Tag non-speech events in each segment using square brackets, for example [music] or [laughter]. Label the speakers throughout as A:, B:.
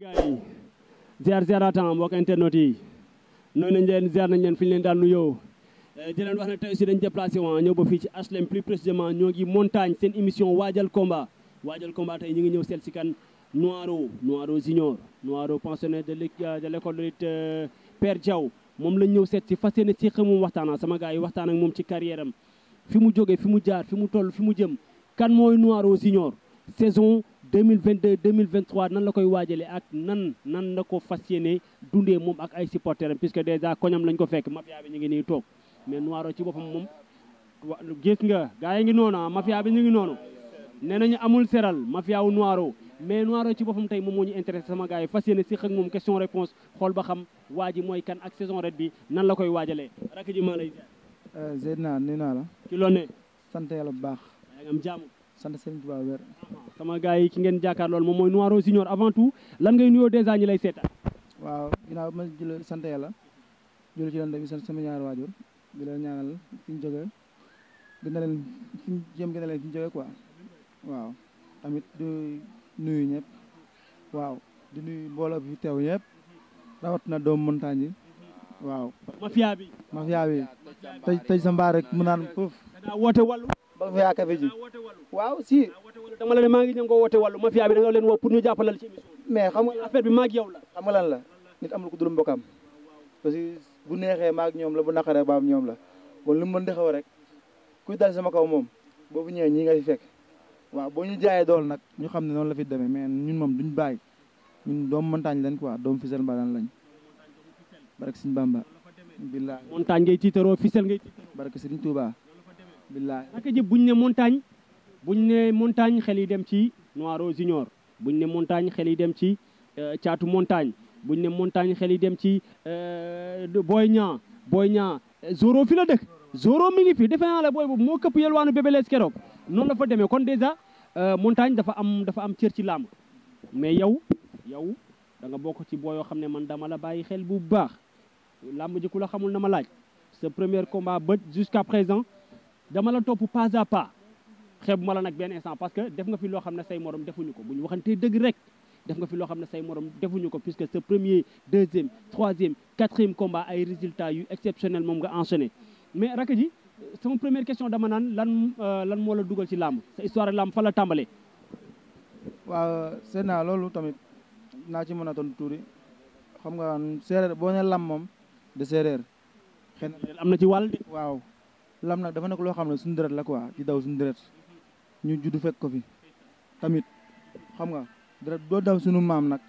A: gars yi ziar ziaratan mbokk internet yi noonu nañ leen ziar nañ leen fi ñu leen daal nuyoo eh, di leen wax ne tey aussi dañ déplacé woon ah, ñëw ba fii ci HLM plus précisément ñoo ngi montagne seen émission waajal combat waajal combat tey ñu ngi ñëw seet si kan Noiro Noiro junior Noiro pensionnaire de euh, de l'école de lutte euh, Père Diaw moom lañ ñëw seet si fas yéene si xamum waxtaana ah, sama gaa yi waxtaan ak moom ci carrière am fi mu jógee fi mu jaar fi mu toll fi mu jëm kan mooy Noiro junior vingt 2022 2023 nan la koy waajalee ak nan nan la ko fas yéene dundee moom ak ay supporters am puisque déjà koñam lañ ko fekk mafia bi ñu ngi nii toog mais Noiro ci boppam moom wa gis nga gars yi ngi noonu ah mafia bi ñu ngi noonu nee nañu amul seral mafia wu Noiro mais Noiro ci boppam tey moom moo ñu intéressé sama gars fas yéene si xëy moom question réponse xool ba xam waa ji mooy kan ak saison ret bi nan la koy waajalee rakk ji maa lay.
B: Euh, Zeyna nee naa la. ci loolu ne. sant yàlla bu baax. yaa sant Serigne Touba wér.
A: sama gars yi ki ngeen jàkkaar loolu moom mooy Noiro Junior avant tout lan ngay nuyoo dèjà ñi lay seetaan.
B: waaw ginnaaw bi ma jël sant yàlla jël ci lënd bi sant sama ñaari waajur di leen ñaanal fi ñu jógee dina leen fi ñu jëm gën a leen fi ñu jógee quoi waaw tamit du nuyu ñëpp waaw di nuyu mbooloo bi teew ñëpp rawatina doomu montagne yi waaw. mafia bi mafia
A: bi.
B: sa mbaar rek mu naan foofu. mafia café ji waaw si dama la ne maa
A: ngi ñëw nga woote wàllu mafia bi da nga leen woo pour ñu jàppalal ci émission
B: mais xam nga affaire bi maag
A: yow la xam nga lan
B: la nit amul ko dul mbokkam parce que bu neexee maag ñoom la bu naqaree baam ñoom la kon lu mu mën di xaw rek kuy dal sama kaw moom boobu ñëwee ñii nga fi fekk waaw boo ñu jaayee dool nag ñu xam ne noonu la fi demee mais ñun moom duñ bàyyi ñun doomu montagne lañ quoi doomu Fissel
A: Mbalan lañ barke Sëriñ Bamba billahi montagne ngay tiitaroo Fissel ngay tiitaroo barke Sëriñ Touba billaay Akaja buñ ne montagne buñ né montagne xel yi dem ci Noiro Junior buñ né montagne xel yi dem ci caatu euh, montagne buñ né montagne xel yi dem ci euh, Boy Niang Boy Zoro fi la dëkk Zoro mi ngi fi defe naa la booy boobu moo këpp yelwaanu bébélees keroog noonu la fa démé kon déjà euh, montagne dafa am dafa am cër ci làmb mais yow yow da nga bokk ci booyoo xam ne man dama la bàyyi xel bu baax làmb ji kula xamul na ma laaj ce premier combat ba jusqu'à présent dama la topp pas à pas xeb mala nak ben instant parce que def nga fi lo xam say morom defuñu ko buñ ñu deug rek def nga fi lo xam say morom defuñu ko puisque ce premier deuxième troisième quatrième combat ay résultats yu exceptionnel mom nga enchaîné mais rakk ji mon première question dama nan lan euh, lan mo la dugal ci lamb sa histoire lamb fa la tambalé
B: wa c'est na lolou tamit na ci mëna ton touri xam nga séeréer bo ne lamb mom de séeréer. xëy amna ci wàll waaw. lam nak dafa nekk lo xamne suñu deret la quoi ah. ci daw suñu deret ñu juddu fekk ko fi tamit xam nga deret do daw suñu mam nak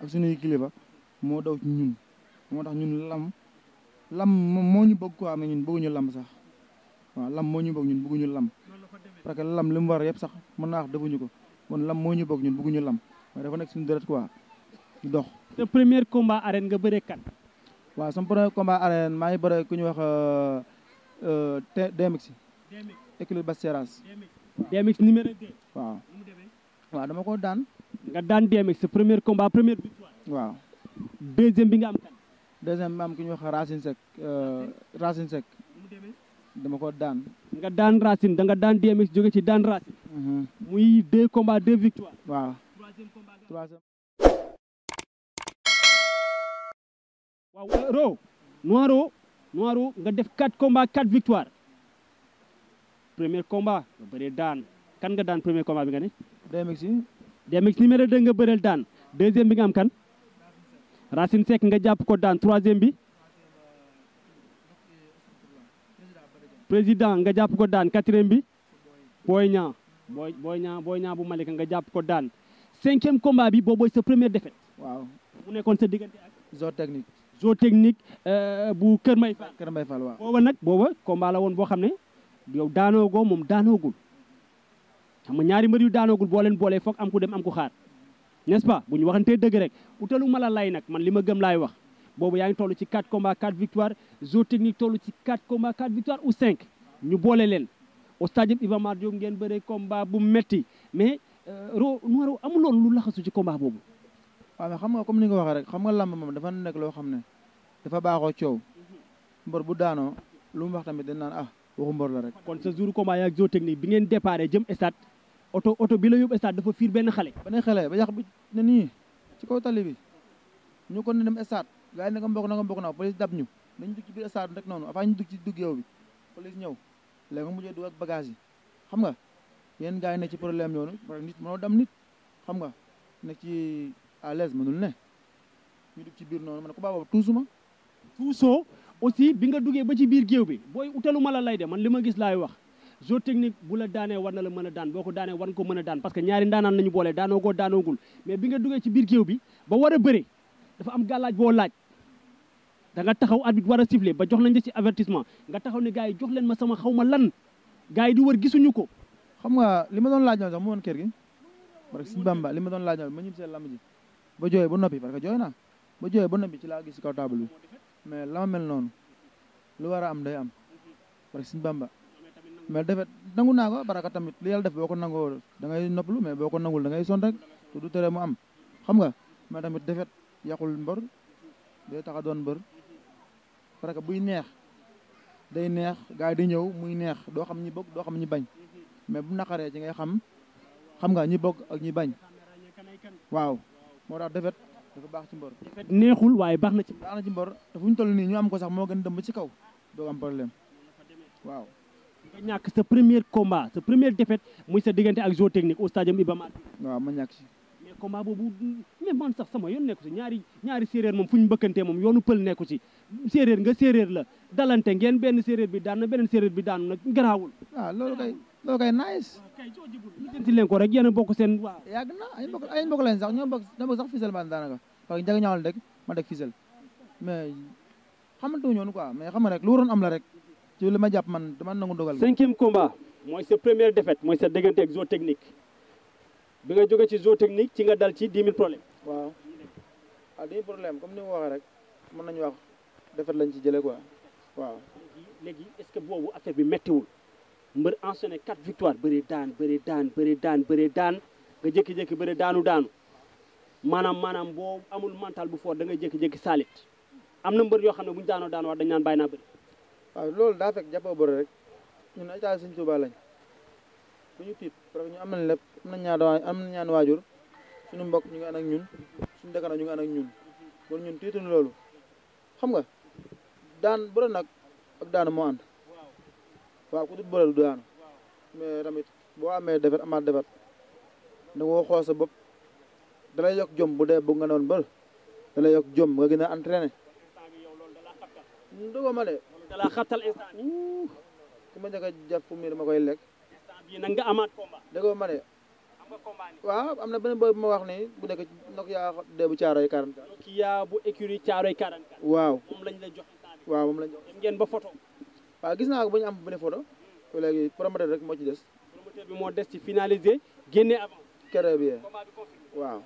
B: ak suñu kilifa mo daw ci ñun moo tax ñun lam lam mo ñu bëgg quoi mais ñun ñu lam sax wa lam mo ñu bëgg ñun ñu lam parce que lam lim war yépp sax mën naa wax defuñu ko kon lam mo ñu bëgg ñun ñu lam dafa nekk suñu deret quoi dox.
A: te premier combat arène nga bëré kat.
B: wa sama premier combat arène maa ngi ku ñu wax. Euh, Euh, DMX. écurie Bass Seras. DMX numéro 2. waaw
A: waaw dama ko daan. nga daan DMX sa premier combat première victoire. waaw deuxième bi nga am
B: deuxième bi am ki ñuy wax Racine Seck euh, Racine Seck dama ko daan.
A: nga daan Racine da daan DMX joge ci daan Racine. Mm-hmm. muy deux combats deux victoires. waaw waaw Ro Noiro. Noiru nga def 4 combats 4 victoires premier combat nga bëree daan kan nga daan premier combat bi nga ne. DMX yi. DMX numéro 2 nga bëreel daan deuxième bi nga am kan. Racine Seck nga jàpp ko daan troisième bi. président nga jàpp ko daan quatrième bi. Boy Niang Boy Boy Niang Boy Niang bu Malika nga jàpp ko daan cinquième combat bi boo booy sa première défaite. waaw mu nekkoon sa diggante ak. zone technique. zoo technique euh, bu Kër May Fall. Kër May Fall waaw booba nag booba combat la woon boo xam ne yow daanoogoo moom daanoogul xam nga ñaari mbër yu daanoogul boo leen boolee foog am ku dem am ku xaar nest bu ñu waxantee dëgg rek utalu ma la lay nag man li ma gëm laay wax. boobu yaa ngi toll ci 4 combats 4 victoire zoo technique toll ci 4 combats 4 victoire ou 5 ñu boole leen au stade Iba Mar Diop ngeen bëree combat bu metti mais euh, ro Noiro amuloon lu laxasu ci combat boobu. waaw xam nga comme ni nga waxee rek xam nga làmb
B: moom dafa nekk loo xam ne dafa baaxoo coow mbër bu daanoo lu mu wax tamit dañ
A: naan ah waxu mbër la rek. kon sa jour combat yaak zo technique bi ngeen déparé jëm stade oto oto bi la yóbbu stade dafa fiir benn xale. benn xale ba yàq bi ne nii ci kaw tali bi ñu ko ne
B: dem stade gars yi naka mbokk naka mbokk na police dab ñu dañu dugg ci biir stade rek noonu avant ñu dugg ci dugg yow bi police ñëw mu mujjee dugg ak bagage yi xam nga yéen gars yi nekk ci problème yoonu nit mënoo dam nit à l'aise mënul ne ñu dugg ci
A: biir noonu ma ne ko baaba tuusuma tuusoo aussi bi nga duggee ba ci biir géew bi booy utalu ma la lay de man li ma gis laay wax jeu technique bu la daanee war na la mën a daan boo ko daanee war nga ko mën a daan parce que ñaari ndaanaan nañu boole daanoo ko daanoogul mais bi nga duggee ci biir géew bi ba war a bëre dafa am gàllaaj boo laaj danga nga taxaw arbitre war a siffler ba jox lañ ci avertissement nga taxaw ne gars yi jox leen ma sama xaw ma lan gars yi di war gisuñu ko xam nga li ma doon laaj noonu sax mu woon kër gi
B: parce que si ma doon laaj noonu ma ñibbisee lamb ji bo joye bo nopi joi joye na bo joye bo nopi ci la gis kaw table bi mais la mel non lu wara am day am parce sin bamba mais defet nangou nako baraka tamit li yalla def boko nangou da ngay noplu mais boko nangul da ngay son rek du tere mu am xam nga ma tamit defet yakul mbor day taxa don mbor baraka buy neex day neex gaay di ñew muy neex do xam ñi bok do xam ñi bañ mais bu ci ngay xam xam nga ñi bok ak ñi bañ waaw moo tax defet dafa baax ci mbor neexul
A: waaye baax na ci baax na ci mbor te fu toll ñu am ko sax moo gën dëmb ci kaw doo am problème waaw nga ñàkk sa premier combat sa première défaite muy sa diggante ak zoo au stadium Iba mati, waaw ma ñàkk si mais combat boobu mais man sax sama yoon nekku si ñaari ñaari séeréer moom fu ñu mbëkkantee moom yoonu pël nekku si séeréer nga séeréer la dalante ngeen benn séeréer bi daan bi daan ah, kay loolu kay nice. lijjanti leen ko rek yéen a
B: bokk seen waaw. yàgg na ay mbokk ay mbokk lañ sax ñoo bokk ñoo bokk sax Fissel man daanaka parce que Ndiaga Niang la ma dëkk Fissel mais xamante wu ñoon quoi mais xam nga rek lu waroon am la rek ci li ma jàpp man dama nangu dogal.
A: cinquième combat mooy sa première défaite mooy sa déggante ak zone technique bi nga jóge ci zone technique ci nga dal ci 10 000 problème.
B: waaw ah 10 problème comme ni ma waxee rek mën nañu wax défaite lañ ci jëlee quoi waaw. léegi est-ce que boobu
A: affaire bi méttiwul. mbeur enchaîné quatre victoires bëri daan bëri daan bëri daan bëri daan nga jékki-jékki bëri daanu daanu manam manam bo amul mental bu fort da nga jékki-jékki salit amna mbeur yo yoo xam ne daan wax dañ nan bayna naa
B: waaw loolu da fekk jappo bëri rek ñun ay taal Sëñ touba lañ buñu tit tiit parce que ñu am
A: lepp amna am
B: nañ ñaan waa ñaan waajur suñu mbokk ñu ngi ànd ñun suñu dekkana ñu ngi ànd ak ñun kon ñun tiituñu loolu xam nga daan bëri nak ak daan mo and waaw ku dul bëre du daanu mais tamit boo amee defet amaat defet da nga xool sa bopp da lay jom bu dee bu nga doon bër da lay yokk jom nga gën a entraîné. ma de. da laa koy lekk.
A: instant bii nga amaat combat. dëgg ma de. am nga
B: waaw am na beneen boobu ma wax nii bu nekk nok yaa dee bu caaroy 44. nok yaa bu écurie caaroy 44. waaw moom lañ la jox waaw moom lañ jox dem ba photo. waa gis naa ko bu ñu am bu ne photo léegi promoteur rek moo ci des.
A: bi moo des ci finaliser
B: génne avant. kere bi waaw.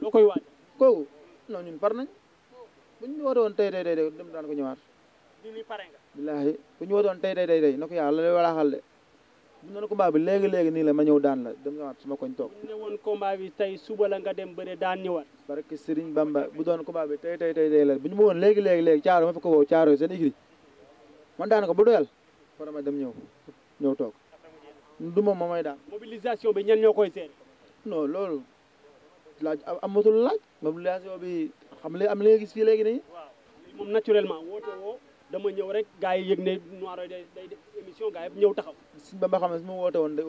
B: loo koy waaj. kooku non ñun par nañ bu ñu woote woon tey tey tey dem daan ko ñëwaat. ñu ni pare nga. billaahi bu ñu woote woon tey tey tey tey na ko yàlla lay walaaxal de. bu noonu combat bi léegi léegi nii la ma ñëw daan la dem ñëwaat suma koñ toog. bu ne
A: woon combat bi tey suba la nga dem bëre daan ñëwaat. parce que Serigne Bamba bu doon ko bi
B: tey tey tey tey la bu ñu ma woon léegi léegi léegi caaro ma fa ko woo caaro seen igri. man daanaka ba doyal war ma dem ñëw ñëw toog du moom moom mooy daan.
A: mobilisation bi ñenn ñoo koy seet.
B: no loolu laaj amatul laaj
A: mobilisation bi
B: xam nga am na gis fii léegi nii.
A: waaw moom woo dama ñëw rek gars yi yëg ne Noireaux day day def émission taxaw.
B: ba ma xam ne su ma woote woon day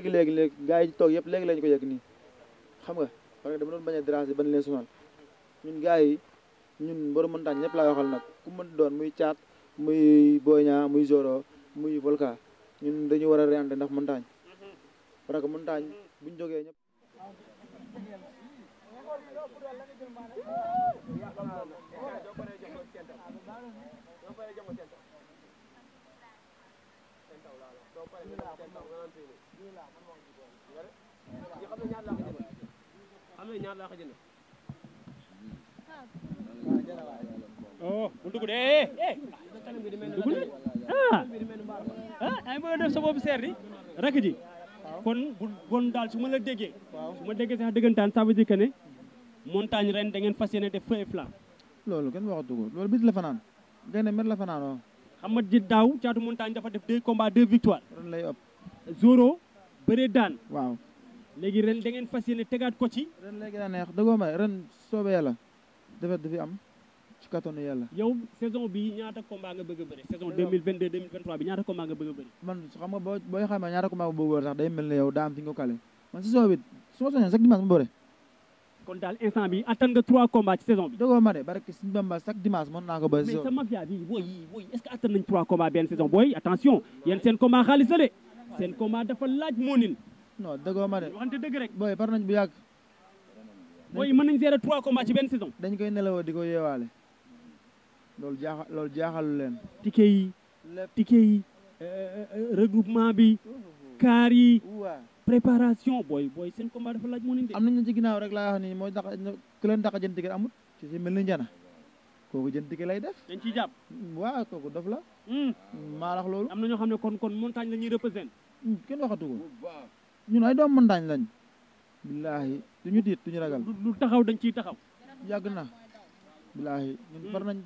B: ëpp lañ ko yëg nii xam nga parce que dama doon bañ a déranger bañ leen sonal ñun gars yi ñun mboru montagne ñëpp laa waxal nag ku mën doon muy caat. muy Boy Niang muy Zoro muy Volca dañu war a reyante ndax montagne parce que montagne buñ jógee ñëpp
A: Oh, untuk gede. Eh, eh. dugul ah ah ay mën a def sa boobu seer di rakk ji kon bu bon daal su ma la déggee su ma déggee sax dëggantaan ça veut dire que ne montagne ren da ngeen fas yéene def feu et
B: loolu kenn waxatu ko loolu bis la fanaan gay ne mer la fanaanoo
A: xam nga ji daaw caatu montagne dafa def deux combats deux victoires ren lay ëpp zoro bëree daan waaw léegi ren da ngeen fas yéene tegaat ko ci
B: ren léegi daa neex dëggoo ma ren soobee yàlla defet dafi am kattanu yàlla
A: yow saison bi ñaata combat nga bëgg a saison bi ñaata combat nga bëgg a bëri
B: man xam nga ñaata combat nga bëgg a
A: bëre saison booy attention yéen seen combat xaalis la de seen combat dafa laaj moo nin de booy par nañ bu yàgg booy mën nañ gérer trois combats ci benn saison dañ koy nelawoo
B: ko yeewaale loolu jaaxal loolu jaaxalu leen.
A: ticket yi. ticket yi eh, eh, eh, regroupement bi. kaar yi. préparation booy booy seen combat dafa laaj mu ne de.
B: am nañu ci ginnaaw rek laa wax ni mooy dax ku leen dax a jënd amut. ci si mel ni njana. kooku jën ticket lay def.
A: dañ ciy jàpp. waaw kooku dof la. Hmm. maa loolu. am na ñoo xam ne kon kon montagne la ñuy représenté. Hmm, kenn waxatu ko
B: ñun ay doom montagne
A: lañ. billaahi du ñu tiit du ñu ragal. lu taxaw dañ ciy taxaw. yàgg na. bilaahi ñun war nañ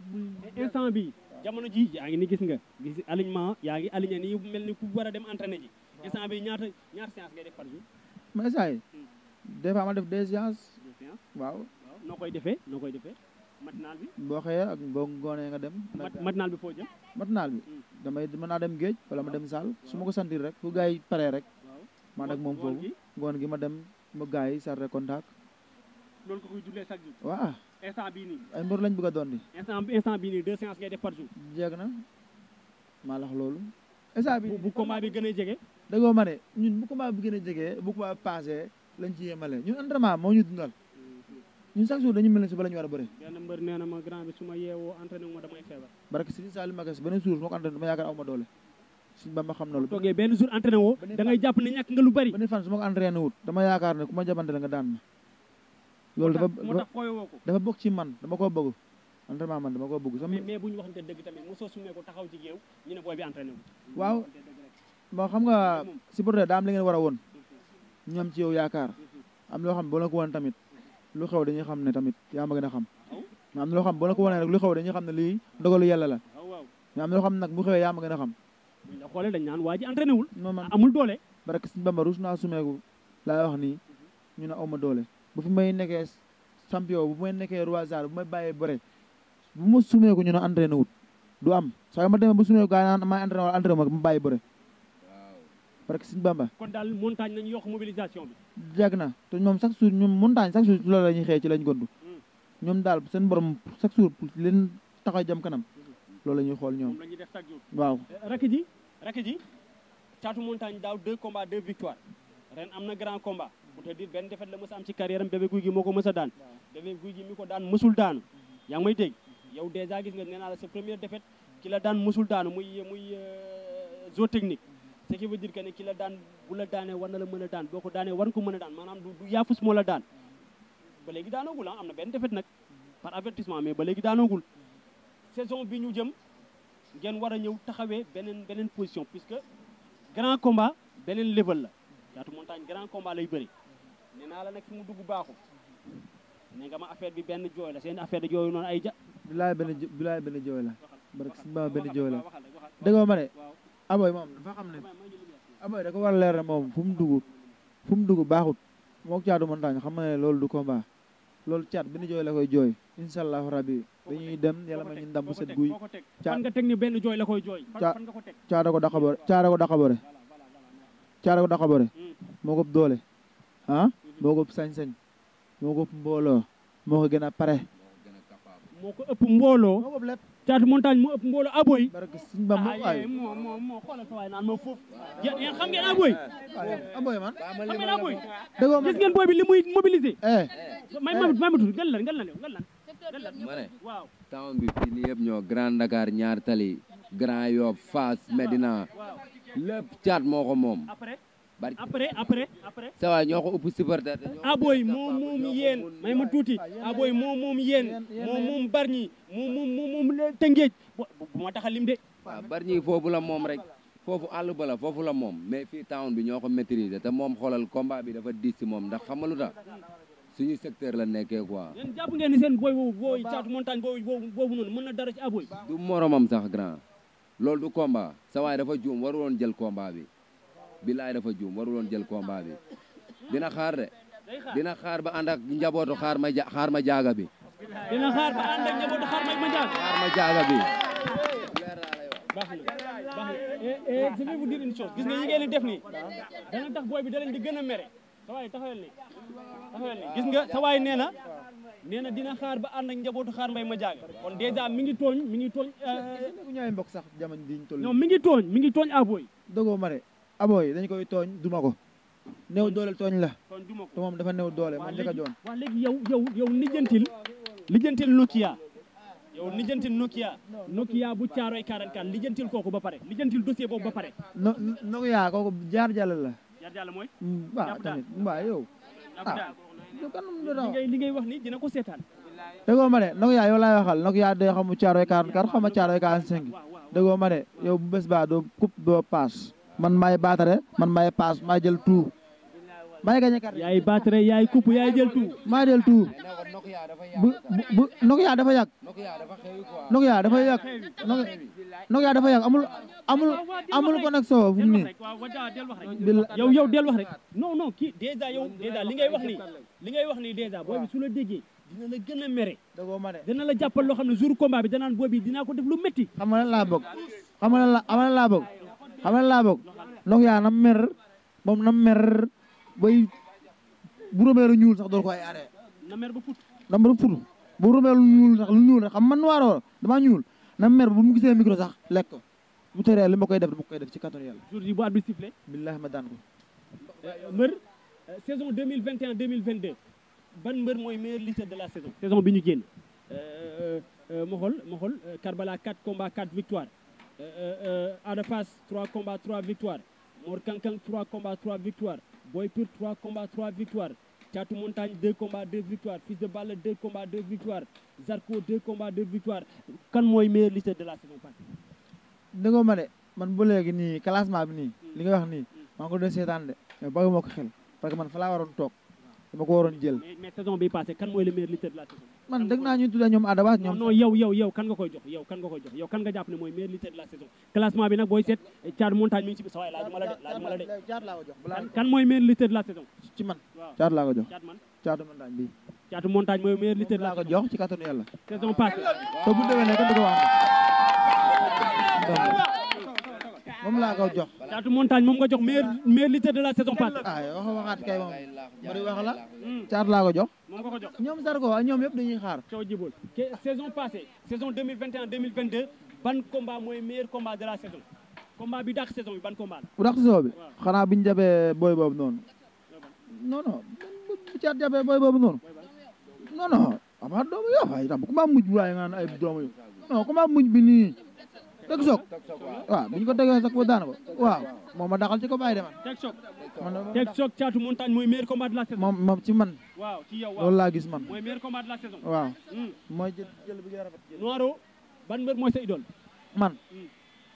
A: instant bi jamono ji yaa ngi ni gis nga gis alignement yaa ngi aligné ni mel ni ku war a dem entraîné ji instant bi ñaata ñaata séance nga def par jour
B: mais saa des fois def deux séances
A: waaw noo koy defee noo koy defee matinal bi
B: boo xëyee ak boo nga dem matinal bi foo jëm matinal bi hmm. damay mën naa dem géej wala ma dem saal su ma ko sentir rek fu gars yi paree rek
A: maa nag moom foofu
B: ngoon gi ma dem ma gars yi sarre contact
A: loolu ko instant bi ni
B: ay mbeur lañ bëgg doon ni
A: instant bi ni deux séances ngay def par jour jégg na ma lax loolu instant bi bu combat bi gëna jégé da go mané ñun bu combat bi gëna jégé bu combat passé
B: lañ ci yémalé ñun entraînement mo ñu dundal ñun chaque jour dañu melni su ba lañu wara ben mbeur néna ma grand bi suma yéwo entraînement ma damay fébar barke sëriñ salim magas ben jour moko entraînement ma yaakar awma doole sëriñ bamba xam na lu toggé ben
A: jour entraînement da ngay japp ni ñak nga ben fan suma wut
B: dama yaakar ne kuma nga daan loolu dafa dafa bokk ci man dama koo bëgg entraînement man dama koo bëgg sama
A: bu ñu waxante dëgg tamit mosoo sumee ko taxaw ci géew ne waaw
B: moo xam nga supporter daa am li ngeen war woon ñam mhm. ci yow yaakaar mhm. am loo xam boo la ko woon tamit lu xew dañuy xam ne tamit yaa ma gën a xam am loo xam boo la ko wonee rek lu xew dañuy xam ne lii ndogalu yàlla la am na loo xam nag bu xewee yaa ma gën a xam
A: buñ la xoolee dañ naan waa ji wul non man
B: amul doole barke suñu bamba rus naa sumeeku laa wax nii mhm. ñu ne awma doole bu fi may nekkee champion bu may nekkee roi bu may bàyyee bëre bu ma sumeeku ñu ne entraîné wut du am saa ma demee bu sumeeku gaa yi naan maa entraîné wala entraîné ma ma bàyyi bëre parce que suñu bamba
A: kon daal montagne nañu yokk mobilisation
B: bi jàgg na te ñoom chaque jour ñoom montagne chaque jour loolu la ñuy xëy ci
A: hmm.
B: seen borom chaque jour leen taxaw jëm kanam loolu la ñuy xool ñoom la ñuy def chaque jour waaw
A: eh, rakk ji rakk ji caatu montagne daaw deux combats am na grand combat pour te dire benn defet la mës a am ci carrière am bébé guy gi moo ko mës a daan bébé guy gi mi ko daan mësul daanu mhm. yaa ngi may dégg yow dèjà gis nga nee naa la sa première defet ki la daan mësul daana muy muy euh, zo technique mhm. ce qui veut dire ne ki la daan bu la daanee war na la mën a daan boo ko daanee war ko mën a daan maanaam du yaafus moo la daan ba léegi daanoogul ah am na benn defet nag mhm. par avertissement mais ba léegi daanoogul saison bi ñu jëm ngeen war a ñëw taxawee beneen beneen position puisque grand combat beneen level la yaatu montagne grand combat lay bëri nee naa la nag fi mu dugg baaxul ne nga ma affaire bi benn jooy la seen affaire da jooyu noonu ay ja
B: bilaay benn bilaay benn jooy la barke benn jooy la déggoo ma ne aboy moom dafa xam ne aboy da ko war a leer ne moom fu mu dugg fu mu dugg baaxut mook caatu montagne xam na ne loolu du combat loolu caat benn jooy la koy jooy incha allahu rabi dañuy dem yàlla ma ñu ndam bu set guy
A: fan benn jooy la koy jooy fan nga ko
B: teg caata ko daqabore caata ko daqabore caata ko daqabore hmm. moo ko doole ah moo ko ëpp moo ko ëpp moo ko gën a pare
A: moo ko ëpp mbooloo moo ko ëpp lépp caatu montagne moo ëpp mbooloo aboy barke suñ ba ngeen aboy bi li muy mobiliser eh. Eh. may mamit mamitu gan lan gan Medina lépp caat moo ko moom après après après. ça va ñoo ko ëpp supporter. aboy ah moom moom yéen may ma tuuti aboy ah moom moom yéen moom moom barñi moom moom moom tëngeej bu ma tax a lim de. waaw foofu la moom rek foofu àll ba la foofu la moom mais fii town bi ñoo ko maîtriser te moom xoolal combat bi dafa diis si moom ndax xam nga lu tax suñu secteur la nekkee quoi. yéen jàpp ngeen ni seen booy boobu booy caatu montagne booy boobu noonu mën na dara ci aboy. Ah du moromam sax grand loolu du combat sa waay dafa juum waru woon jël combat bi. billaay dafa juum waruloon jël combat bi dina xaar de dina xaar ba ànd njabootu xaar ma xaar ma jaaga bi. dina xaar ba ànd ak njabootu xaar ma jaaga. xaar ma jaaga bi. baax na baax na je eh, eh, eh, vais vous dire une chose gis nga yi ngeen def bi da leen gën a mere sa waay taxawal ni nga sa nee na nee na dina xaar ba ànd ak njabootu xaar mbay ma jaaga kon dèjà mi ngi tooñ mi ngi tooñ. Euh, ñooy mbokk
B: mi ngi tooñ abooy ah, dañ koy tooñ duma ko néew doole tooñ la
A: te moom dafa néew doole moom njëkk a joon waaw léegi yow yow yow lijjantil lijjantil Nokia yow lijjantil Nokia Nokia bu caaroy 44 lijjantil kooku ba pare lijjantil dossier boobu ba pare
B: no Nokia kooku jaar jàll la
A: jaar mooy waaw mm, tamit mbaa yow ah li ngay li ngay wax ni dina ko seetaan
B: déggoo ma de Nokia yow laay waxal Nokia day xamu caaroy 44 xama caaroy 45 déggoo ma yow bu bés baa doo coupe doo passe man maay baatare man maay paas maay jël tout maay gañe
A: carte yaay baatare yaay coupe yaay jël tout maay jël tout
B: bu bu Nokia dafa yàgg
A: Nokia dafa yàgg Nokia dafa yàgg amul amul amul connexion fu mu nii yow yow del wax rek non non kii dèjà yow dèjà li ngay wax nii li ngay wax nii dèjà booy bi su la déggee dina la gën a mere dina la jàppal loo xam ne jour combat bi danaan booy bi dinaa ko def lu métti xam nga lan laa bëgg xam nga lan laa
B: xam nga laa bokk donc yaa na mer moom na mer bay bu romeelu ñuul sax door ko ay arrêté. na mer ba put na mer ba put bu romeelu ñuul sax lu ñuul rek xam man waaroo damaa ñuul na mer bu mu gisee micro sax lekk ko bu teree li ma koy def
A: dama koy def ci kàttanu yàlla. jour yi bu arbitre sifflé. billaahi ma daan ko. Euh, mbër euh, saison 2021 2022 ban mbër mooy meilleur lutteur de la saison. saison bi ñu génn. Euh, ma xool ma xool Karbala 4 combats 4 victoires. Euh, euh, euh, Adepas 3 combats, 3 victoires. Morkankan, 3 combats, 3 victoires. Boypur, 3 combats, 3 victoires. Tchatou Montagne, 2 combats, 2 victoires. Fils de balle, 2 combats, 2 victoires. Zarko, 2 combats, 2 victoires. Quand moi, meilleur liste de la saison partie
B: Ndongo Mane, man bu léegi nii classement bi nii li nga wax de mais bàyyi parce que man fa laa waroon
A: mais de la saison.
B: man dëgg naa ñu tuddee ñoom Adama ñoom. non yow
A: yow yow kan nga koy jox yow kan nga koy ne mooy meilleur lutteur de la saison classement bi nag booy seet Thiat Montagne mi ci ko man waaw laa ko jox Thiat man Thiat Montagne bi Thiat Montagne mooy meilleur lutteur laa ko jox ci kattanu yàlla saison passée te bu déwénee kan du ko wax moom laa ko jox. Caatu Montagne moom la saison passée.
B: ah wax waxaat kay moom
A: Mody wax la hmm. Caatu laa ko jox. moom nga ko jox ñoom Zarko waaw ñoom yëpp dañuy xaar. coow jibul saison passée saison 2021 2022 ban combat mooy de la saison combat la. bu dàq saison bi
B: xanaa biñ jabee booy boobu noonu. non ay doomu yoo ma mujj bi nii. teg soog waaw bi ñu ko tegee sax ko daana ko waaw moom ma daxal ci ko bàyyi deman
A: teg soog caatu mooy meilleur combat
B: de la saison moom moom ci man
A: waaw ci yow loolu laa gis man mooy meilleur combat de la saison waaw hmm. mooy jël jël bi ban mbër mooy sa idole man hmm.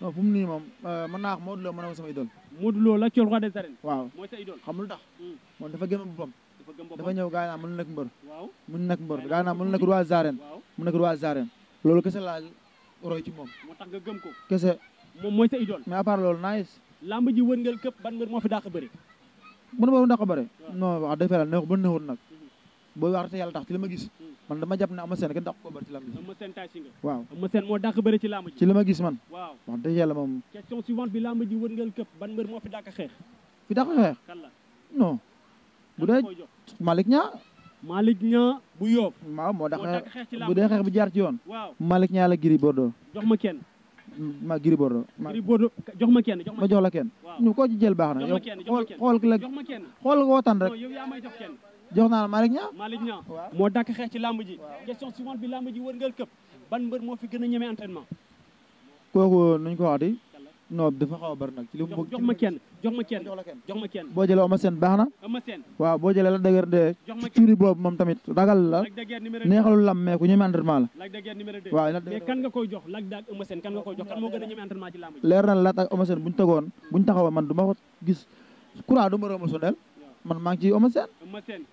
B: non fu mu nii moom euh, mën naa wax Modou Lo mën na sama idole Modou Lo la col roi des arènes waaw
A: mooy sa idole xam lu tax hmm.
B: moom dafa gëm boppam dafa ñëw gaa yi naa mën nekk mbër waaw mën nekk mbër gaa yi naa mën nekk roi des arènes mën nekk roi des arènes loolu kese
A: laa roy ci moom. moo tax nga gëm ko. kese. moom mooy sa idole. mais à part loolu nice. làmb ji wërngël këpp ban mbër moo fi dàq bëri.
B: bu ne ma dàq bëri. non wax dëgg ba neexut nag. Mm-hmm. booy wax te yàlla tax ci lama gis. Mm. man dama jàpp ne Eumeu Sène kenn dàq ko
A: bëri ci làmb ji. Eumeu Sène taasi nga.
B: waaw Eumeu Sène
A: moo dàq bëri ci làmb ji. ci li ma gis man. waaw
B: wax dëgg yàlla moom.
A: question suivante bi làmb ji wërngël këpp ban mbër moo la non.
B: Malick ñaa bu Yoff. waaw moo tax bu dee xeex bi jaar ci yoon. waaw Malick Niang la Gris Bordeaux. jox ma kenn. ma Gris Bordeaux.
A: Gris Bordeaux jox ma kenn jox ma
B: jox la kenn. ñu ko ci baax na. jox ma kenn xool la
A: xool wootan rek. yow yaa may jox kenn. jox naa la Malick Niang. Malick Niang moo dàkk xeex ci làmb ji. question suivante bi làmb ji wërngal këpp. ban mbër moo fi gën a ñeme entraînement.
B: kooku nuñ ko waxati. No, dafa
A: xaw bar bari nag. ci li mu bëgg jox ma kenn jox ma kenn jox ma kenn. boo jëlee Eumeu Sène baax na. Eumeu
B: waaw de de. jox tamit ragal la. neexalul lam mais ku ñeme entraînement la.
A: Lac numéro 2 waaw kan nga koy jox Lac de kan nga koy jox kan moo gën a ñeme entraînement ci lamb
B: ji. leer na la Lac ak Eumeu Sène bu ñu tegoon man duma ma ko gis courant du ma rëmul del man maa ngi ci Eumeu Sène.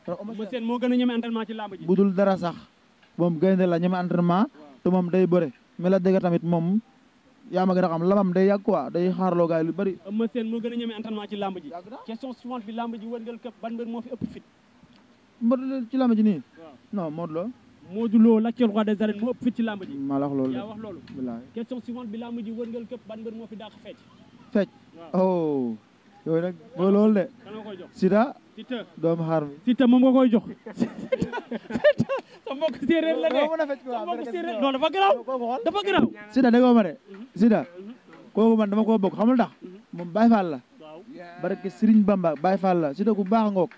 A: Eumeu Sène moo gën entraînement ci lamb budul
B: dara sax moom gaynde la ñeme entraînement te moom day bëre mais la dëgg tamit yaa ma gën a xam lamam day yàgg quoi day xaarloo gaay lu
A: moo gën a ñeme entraînement ci lamb ji question suivante bi lamb ji wërngal këpp ban mbër moo fi ëpp fit
B: mbër ci lamb ji nii non Modou Lo Modou Lo l'actuel roi des moo ëpp fit ci lamb maa la wax loolu yaa wax
A: loolu question suivante bi lamb ji wërngal këpp ban mbër moo fi dàq fecc
B: fecc yoy nak bo lol de kan sida doomu xaar mi sita mom nga koy jox [laughs]
A: sa mbok séeréer la de sa mbokk séeréer non dafa graw dafa garaaw sida nga ma de mhm. sida
B: koku man dama ko bok xamul tax mom mhm. Baye Fall la barke Serigne Bamba Baye Fall la sida ku bax ngok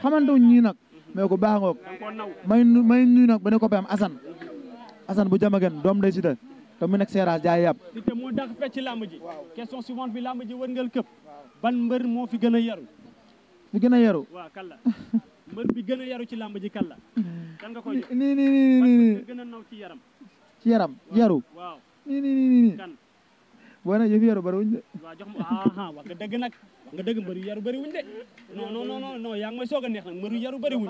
B: xamantou ñi nak me ko bax ngok ngoog mhm. may may nuyu nag benn copain am asan asan bu jamagen dom day sida te mu nekk seeraas jaay yàpp
A: sita moo dàq fecc lamb ji question suivante bi lamb ji wërngal këpp ban mbër moo fi gën a yaru fi gën a yaru waaw kan mbër bi gën a yaru ci làmb ji kan la kan nga koy nii nii nii nii nii gën a naw ci yaram
B: ci yaram yaru waaw nii nii nii nii kan boo na yëfi yaru bëri wuñ de
A: waaw jox ma aha wax nga dëgg nag nga dëgg mbëru yaru bëri wuñ de non yaa ngi may soog a neex nag mbëru yaru bëri wuñ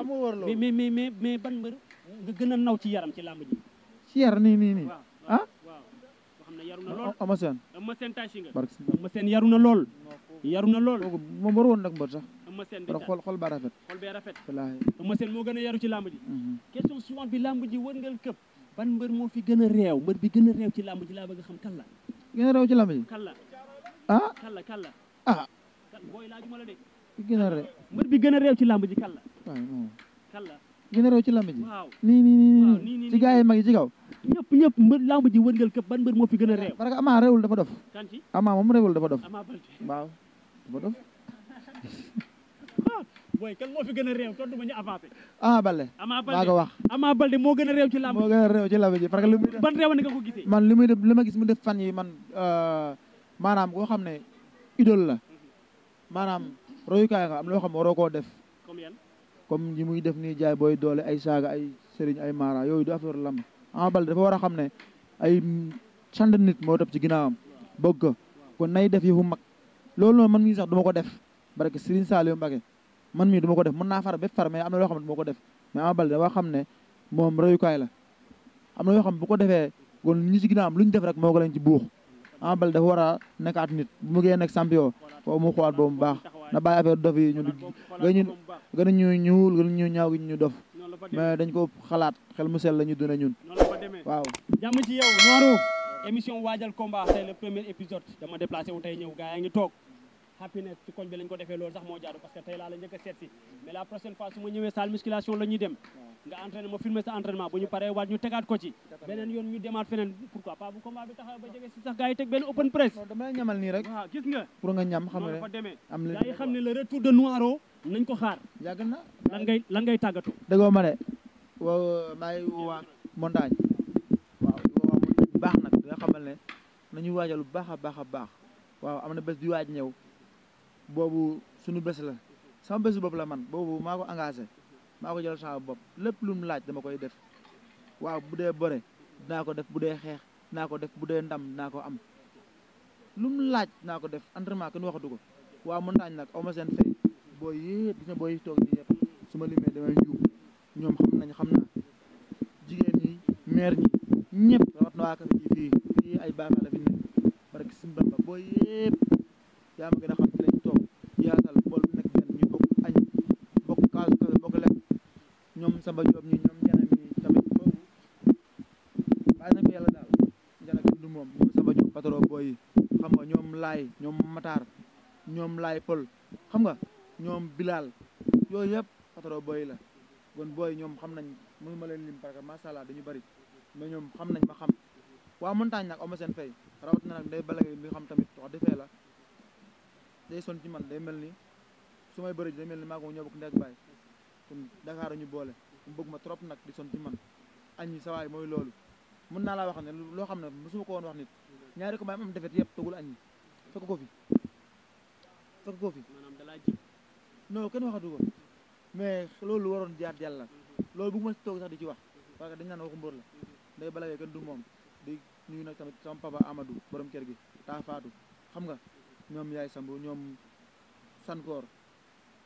A: mais mais mais mais ban mbër nga gën a naw ci yaram ci làmb ji ci
B: yar nii nii nii
A: Ah, yaru na lool ama seen ama seen tàcci na lool yaru na lool kooku moom waru woon nag mbër sax ama seen bi xol xol ba rafet xol bee rafet wallaahi moo gën a yaru ci làmb ji mhm. question suivante bi làmb ji wër ngeen këpp ban mbër moo fi gën a réew mbër bi gën a réew ci làmb ji laa bëgg a la gën a réew ci làmb la ah kan la kan la ah booy laajuma la de gën a réew mbër bi gën a réew ci làmb ji kan
B: la waaw kan la ci làmb ji nii nii nii nii ci gaa yi mag ci kaw
A: ñep ñep mbër lamb ji wëngël ke ban mbër mo fi gëna réew parce que ama réewul dafa dof ama mom réewul dafa dof [laughs] kan kan ah, ama balti waaw dafa dof boy kan mo fi gëna réew tontu ma ñu avancer ama balde ama balde maa ko wax ama balde mo gëna réew ci lamb mo gëna réew ci lamb ji parce
B: que ban réew nga ko gisee gitu. man lu def lima gis mu def fan yi man euh manam go ne idole la manam royu kay nga am lo xam waro ko def comme yan comme ñi muy def ni jaay boy doole ay saga ay serigne ay mara yoy du affaire lamb Ama Baldé dafa war a xam ne ay cent nit moo topp ci ginnaawam bëgg ko kon nay def yëfu mag loolu noonu man mii sax du ko def barke Serigne Saliou Mbacké man mii du ko def mën naa far bépp far mais na loo xam ne du ko def mais Ama dafa xam ne moom royukaay la am na yoo xam bu ko defee kon ñi ci ginnaawam lu ñu def rek moo ko leen ci buux Ama Baldé dafa war a nekkaat nit bu mu gee nekk champion foofu mu xoolaat boobu mu baax na bàyyi affaire dof yi ñu gën ñu gën a ñu ñuul gën ñu ñaaw gi ñu dof mais dañ ko xalaat xel mu sell la ñu duna ñun
A: waaw jàmm ci yow Nooru émission waajal combat c'est le premier épisode dama déplacé wu tey ñëw gaa yaa ngi toog happiness ci koñ bi lañ ko defee loolu sax moo jaadu parce que tey laa la njëkk a seet si mais la prochaine fois su ma ñëwee salle ñu tegaat ko ci beneen yoon ñu demaat feneen pourquoi pas bu combat bi la ñamal nii rek waaw gis nga
B: ñam xam nga
A: la retour de Noiro nañ ko xaar yàgg na lan ngay lan ngay tàggatu ma de waaw maay waa
B: bax nak nga xamal ne nañu waajal lu baax a baax a baax waaw am na bés di waaj ñëw boobu suñu bés la sama bésu bopp la man boobu maa ko engagé maa ko jël sama bopp lépp lu mu laaj dama koy def waaw bu dee bëre dinaa ko def bu dee xeex dinaa ko def bu dee ndam dinaa ko am lu mu laaj dinaa ko def entraînement kenn waxatu ko waaw montagne nag aw ma seen fay booy yëpp gis nga booy toog nii yëpp su ma limee damay juub ñoom xam nañ xam naa jigéen ñi meer ñi ñëpp Noaka ngi fi fi ay baaka la fi nek barke seigne bamba boy yeb ya ma gëna xam ci lañ tok yaatal bol nek ben ñu bok añ bok kaasu kawe bok lek ñom samba job ñi ñom ñana mi tamit bobu bay na ko yalla dal ñana ko du mom ñom ba job patro boy xam nga ñom lay ñom matar ñom lay pol xam nga ñom bilal yoy yeb patro boy la gon boy ñom xam nañ ma leen lim parce que ma sha Allah dañu bari mais ñom xam nañ ma xam waa montagne nag ama seen fay rawat na nag day balagay mi xam tamit wax defee la day son ci man day mel ni su may bëri day mel ni maa ko ñoo bokk ndek baay kon Dakar ñu boole mu ma trop nag di son ci man añi sawaay mooy loolu mën naa laa wax ne loo xam ne mosuma ko woon wax nit ñaari ko maam am defet yëpp togul añi fekk ko fi fekk ko fi maanaam dalaa ji non kenn waxatu ko mais loolu waroon jaar jàll la mhm. loolu bëgg ma toog sax di ci wax parce que dañ naan waxu mbër la day balagay kenn du moom nuyu nag tamit sama papa Amadou borom kër gi taa fatou xam nga ñoom yaay Sambu ñoom sankor,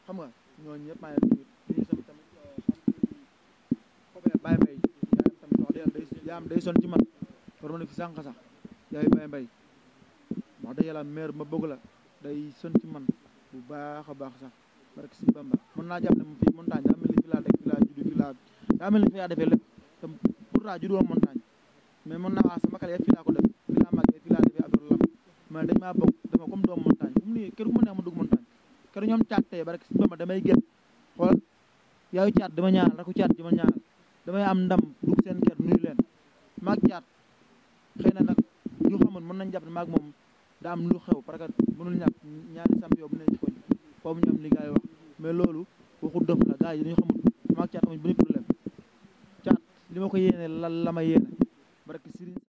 B: xam nga ñooñu ñëpp maa ngi leen di nuyu tamit tamit euh, Kopé Baye Mbaye yaayam tamit wax dëgg day yaayam day son ci man war ma ne fi sànq sax yaay Baye Mbaye wax dëgg yàlla mère ma bëgg la day son ci man bu baax a baax sax barke si Bamba mën naa jàpp ne mu fii montagne daa mel ni fi laa dëkk fi laa judd fi laa daa mel ni fi laa defee lépp pourtant mais mën na waa sama xale yëpp fii ko def ma dañ maa bokk dama comme doomu montagne bu damay gét xool yaayu caat dama ñaanal raku caat dama ñaanal damay am ndam dugg seen kër nuyu leen maag caat xëy nag ñu xamoon mën nañ jàpp ne maag moom daa am lu xew parce mënul ñaari samp yow bu ne koñ foofu ñu am wax mais loolu waxu dof la gars yi dañu xamul maag caat amuñ benn problème caat li ma ko yéene la la ma yéene para que se